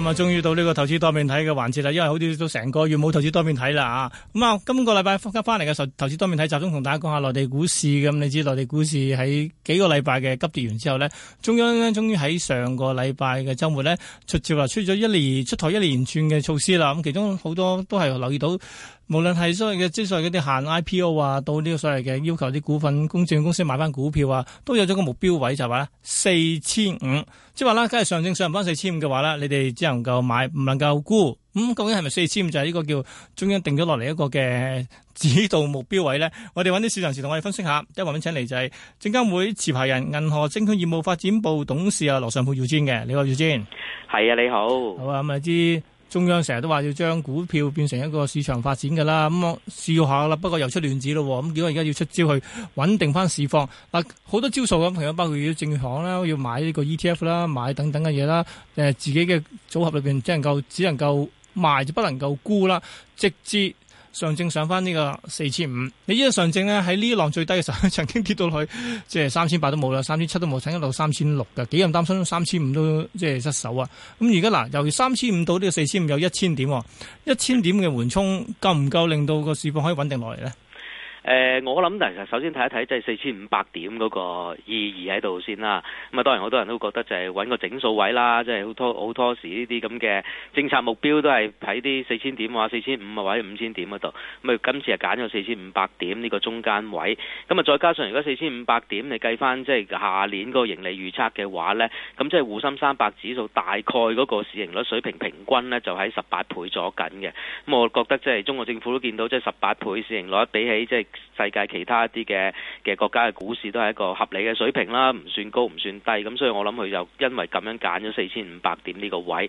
咁啊、嗯，終於到呢個投資多面睇嘅環節啦，因為好似都成個月冇投資多面睇啦啊！咁、嗯、啊、嗯，今個禮拜翻翻嚟嘅時候，投資多面睇集中同大家講下內地股市咁、嗯。你知內地股市喺幾個禮拜嘅急跌完之後呢，中央呢終於喺上個禮拜嘅周末呢出咗話出咗一連出台一連串嘅措施啦。咁、嗯、其中好多都係留意到。無論係所謂嘅，即係所謂啲限 IPO 啊，到呢個所謂嘅要求啲股份公證公司買翻股票啊，都有咗個目標位就係話咧四千五，即係話啦，今日上證上唔翻四千五嘅話咧，你哋只能夠買，唔能夠沽。咁、嗯、究竟係咪四千五就係呢個叫中央定咗落嚟一個嘅指導目標位咧？我哋揾啲市場人士同我哋分析下。一陣請嚟就係證監會持牌人、銀河證券業務發展部董事啊羅上佩耀尊嘅，你好，耀尊。係啊，你好。好啊，咁啊之。中央成日都話要將股票變成一個市場發展㗎啦，咁我試下啦。不過又出亂子咯，咁、嗯、結果而家要出招去穩定翻市況。嗱、啊，好多招數咁，朋友包括要證券行啦，要買呢個 ETF 啦，買等等嘅嘢啦。誒、呃，自己嘅組合裏邊只能夠只能夠賣，就不能夠沽啦，直接。上證上翻呢個四千五，你依家上證呢，喺呢一浪最低嘅時候，曾經跌到去即係三千八都冇啦，三千七都冇，差唔多三千六噶，幾咁擔心三千五都即係失守啊！咁而家嗱，由三千五到呢個四千五有一千點、喎，一千點嘅緩衝夠唔夠令到個市況可以穩定落嚟呢？誒、呃，我諗其實首先睇一睇即係四千五百點嗰個意義喺度先啦。咁啊，當然好多人都覺得就係揾個整數位啦，即係好多好多時呢啲咁嘅政策目標都係睇啲四千點話、話四千五啊，或者五千點嗰度。咁啊，今次係揀咗四千五百點呢個中間位。咁啊，再加上如果四千五百點你計翻即係下年個盈利預測嘅話呢，咁即係滬深三百指數大概嗰個市盈率水平平均呢，就喺十八倍左右嘅。咁我覺得即係中國政府都見到即係十八倍市盈率比起即係。世界其他一啲嘅嘅國家嘅股市都係一個合理嘅水平啦，唔算高唔算低，咁所以我諗佢就因為咁樣揀咗四千五百點呢個位。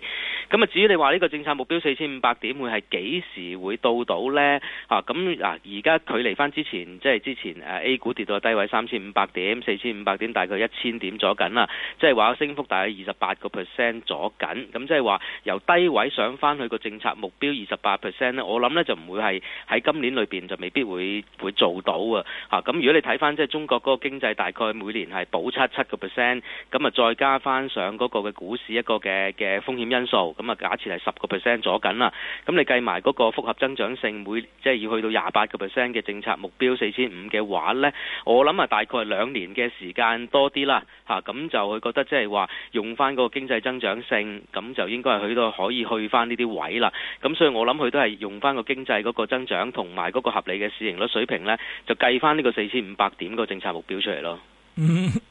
咁啊，至於你話呢個政策目標四千五百點會係幾時會到到呢？啊，咁嗱，而家距離翻之前即係之前誒 A 股跌到低位三千五百點，四千五百點大概一千點咗緊啦。即係話升幅大概二十八個 percent 咗緊，咁即係話由低位上翻去個政策目標二十八 percent 咧，我諗呢就唔會係喺今年裏邊就未必會會做到啊！嚇咁如果你睇翻即係中國嗰個經濟大概每年係保七七個 percent，咁啊再加翻上嗰個嘅股市一個嘅嘅風險因素，咁啊假設係十個 percent 咗緊啦，咁你計埋嗰個複合增長性每即係、就是、要去到廿八個 percent 嘅政策目標四千五嘅話呢，我諗啊大概兩年嘅時間多啲啦，嚇、啊、咁就佢覺得即係話用翻嗰個經濟增長性，咁就應該係去到可以去翻呢啲位啦。咁所以我諗佢都係用翻個經濟嗰個增長同埋嗰個合理嘅市盈率水平。就計翻呢個四千五百點個政策目標出嚟咯。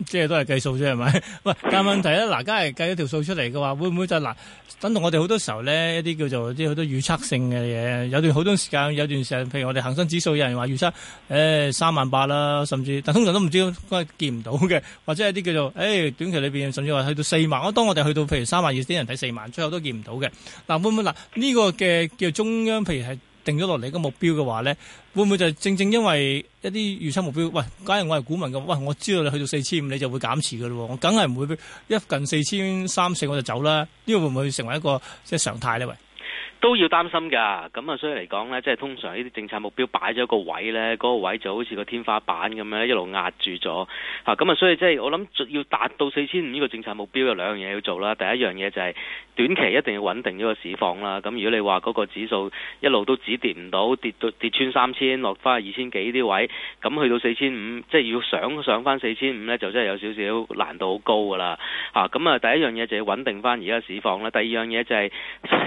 即係都係計數啫，係咪？喂，但係問題咧，嗱、嗯，梗係計咗條數出嚟嘅話，會唔會就係嗱，等同我哋好多時候咧，一啲叫做啲好多預測性嘅嘢，有段好多時間，有段時間，譬如我哋恒生指數有人話預測，誒、哎、三萬八啦，甚至，但通常都唔知，都係見唔到嘅，或者係啲叫做，誒、哎、短期裏邊甚至話去到四萬，我、啊、當我哋去到譬如三萬二，啲人睇四萬，最後都見唔到嘅。嗱，會唔會嗱呢、這個嘅叫中央，譬如係？定咗落嚟個目標嘅話咧，會唔會就正正因為一啲預測目標？喂，假如我係股民嘅，喂，我知道你去到四千五你就會減持嘅嘞，我梗係唔會畀一近四千三四我就走啦。呢個會唔會成為一個即係、就是、常態咧？喂？都要擔心㗎，咁啊，所以嚟講呢，即係通常呢啲政策目標擺咗個位呢，嗰個位就好似個天花板咁樣一路壓住咗。嚇，咁啊，所以即係我諗要達到四千五呢個政策目標，有兩樣嘢要做啦。第一樣嘢就係短期一定要穩定呢個市況啦。咁如果你話嗰個指數一路都止跌唔到，跌到跌穿三千，落翻二千幾啲位，咁去到四千五，即係要想上翻四千五呢，就真係有少少難度好高㗎啦。嚇，咁啊，第一樣嘢就要穩定翻而家市況啦。第二樣嘢就係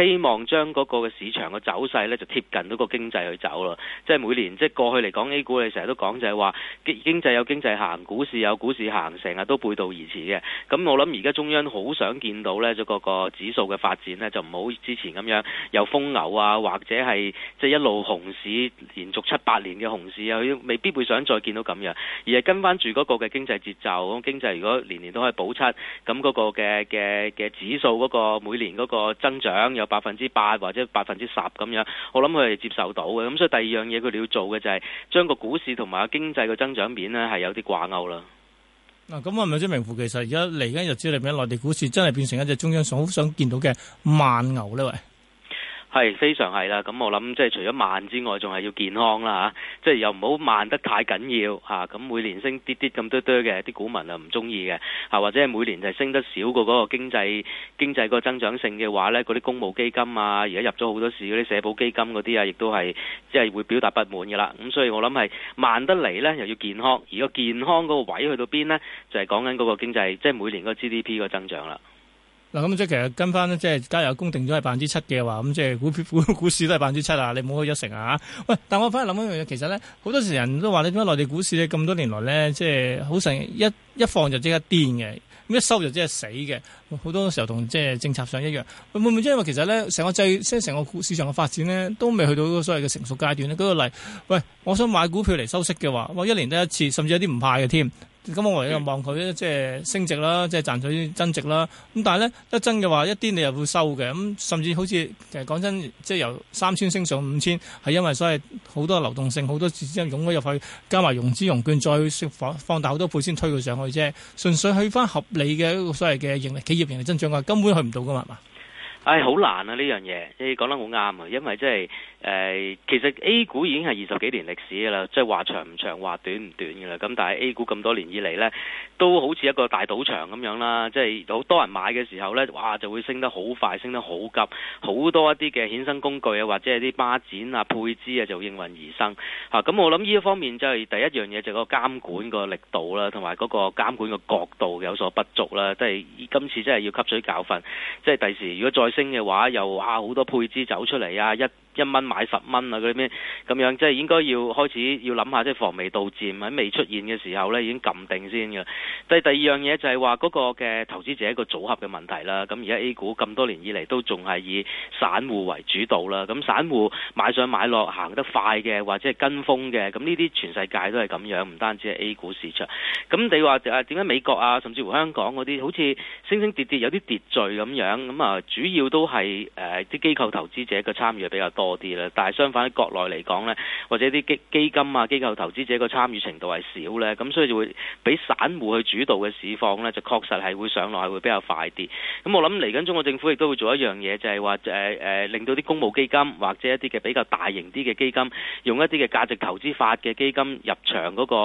希望將嗰個嘅市場嘅走勢咧就貼近到個經濟去走咯，即係每年即係過去嚟講 A 股你，你成日都講就係、是、話經濟有經濟行，股市有股市行，成日都背道而馳嘅。咁我諗而家中央好想見到呢咗個、那個指數嘅發展呢，就唔好之前咁樣有瘋牛啊，或者係即係一路熊市，連續七八年嘅熊市啊，未必會想再見到咁樣，而係跟翻住嗰個嘅經濟節奏。咁、那個、經濟如果年年都可以補七，咁、那、嗰個嘅嘅嘅指數嗰個每年嗰個增長有百分之八或，即係百分之十咁樣，我諗佢係接受到嘅，咁所以第二樣嘢佢哋要做嘅就係將個股市同埋經濟嘅增長面咧係有啲掛鈎啦。嗱，咁係咪即係名副其實？而家嚟緊日子裏邊，內地股市真係變成一隻中央所好想見到嘅慢牛呢喂！係，非常係啦，咁我諗即係除咗慢之外，仲係要健康啦嚇，即係又唔好慢得太緊要嚇，咁、啊啊、每年升啲啲咁多多嘅，啲股民啊唔中意嘅，啊或者係每年就係升得少過嗰個經濟經濟個增長性嘅話咧，嗰啲公募基金啊，而家入咗好多市嗰啲社保基金嗰啲啊，亦都係即係會表達不滿嘅啦。咁、啊、所以我諗係慢得嚟咧，又要健康，如果健康嗰個位去到邊咧，就係、是、講緊嗰個經濟，即、就、係、是、每年嗰個 GDP 個增長啦。嗱咁即係其實跟翻咧，即係加油工定咗係百分之七嘅話，咁即係股票股股市都係百分之七啊！你唔好去一成啊喂，但我反而諗一樣嘢，其實咧，好多時人都話你點解內地股市咧咁多年來咧，即係好成一一放就即刻癲嘅，咁一收就即係死嘅。好多時候同即係政策上一樣，會唔會因為其實咧成個制即係成個股市場嘅發展咧都未去到嗰個所謂嘅成熟階段咧？舉個例，喂，我想買股票嚟收息嘅話，我一年得一次，甚至有啲唔派嘅添。咁我唯有望佢即係升值啦，即係賺取增值啦。咁但係咧一增嘅話，一啲你又會收嘅。咁甚至好似其實講真，即係由三千升上五千，係因為所謂好多流動性，好多資金湧咗入去，加埋融資融券，再放放大好多倍先推佢上去啫。純粹去翻合理嘅所謂嘅盈利企業盈利增長㗎，根本去唔到㗎嘛。唉，好難啊！呢樣嘢你講得好啱啊，因為即係誒，其實 A 股已經係二十幾年歷史嘅啦，即係話長唔長，話短唔短嘅啦。咁但係 A 股咁多年以嚟呢，都好似一個大賭場咁樣啦，即係好多人買嘅時候呢，哇，就會升得好快，升得好急，好多一啲嘅衍生工具啊，或者係啲孖展啊、配資啊，就應運而生嚇。咁我諗呢一方面就係第一樣嘢就係個監管個力度啦，同埋嗰個監管個角度有所不足啦，即係今次真係要吸取教訓，即係第時如果再升嘅話，又哇好、啊、多配資走出嚟啊一。一蚊買十蚊啊嗰啲咩咁樣，即係應該要開始要諗下即係防微杜漸，喺未出現嘅時候呢，已經撳定先嘅。第第二樣嘢就係話嗰個嘅投資者一個組合嘅問題啦。咁而家 A 股咁多年以嚟都仲係以散戶為主導啦。咁散戶買上買落行得快嘅或者係跟風嘅，咁呢啲全世界都係咁樣，唔單止係 A 股市場。咁你話啊點解美國啊甚至乎香港嗰啲好似升升跌跌有啲秩序咁樣咁啊？主要都係誒啲機構投資者嘅參與比較多。多啲啦，但係相反喺國內嚟講呢，或者啲基基金啊、機構投資者個參與程度係少呢，咁所以就會俾散戶去主導嘅市況呢，就確實係會上落係會比較快啲。咁我諗嚟緊中國政府亦都會做一樣嘢，就係話誒誒令到啲公募基金或者一啲嘅比較大型啲嘅基金，用一啲嘅價值投資法嘅基金入場嗰個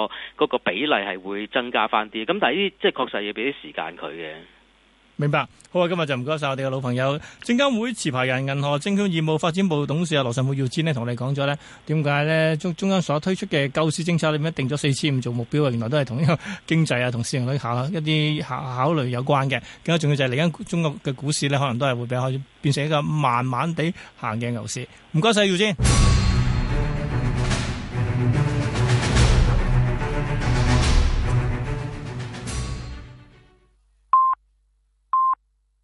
嗰個比例係會增加翻啲。咁但係呢啲即係確實要俾啲時間佢嘅。明白，好啊！今日就唔該晒。我哋嘅老朋友，證監會持牌人、銀河證券業務發展部董事啊，羅神富耀堅呢，同我哋講咗咧點解咧中中央所推出嘅救市政策咧，一定咗四千五做目標啊，原來都係同呢個經濟啊、同市盈率考一啲考考慮有關嘅。更加重要就係嚟緊中國嘅股市咧，可能都係會比較變成一個慢慢地行嘅牛市。唔該晒耀堅。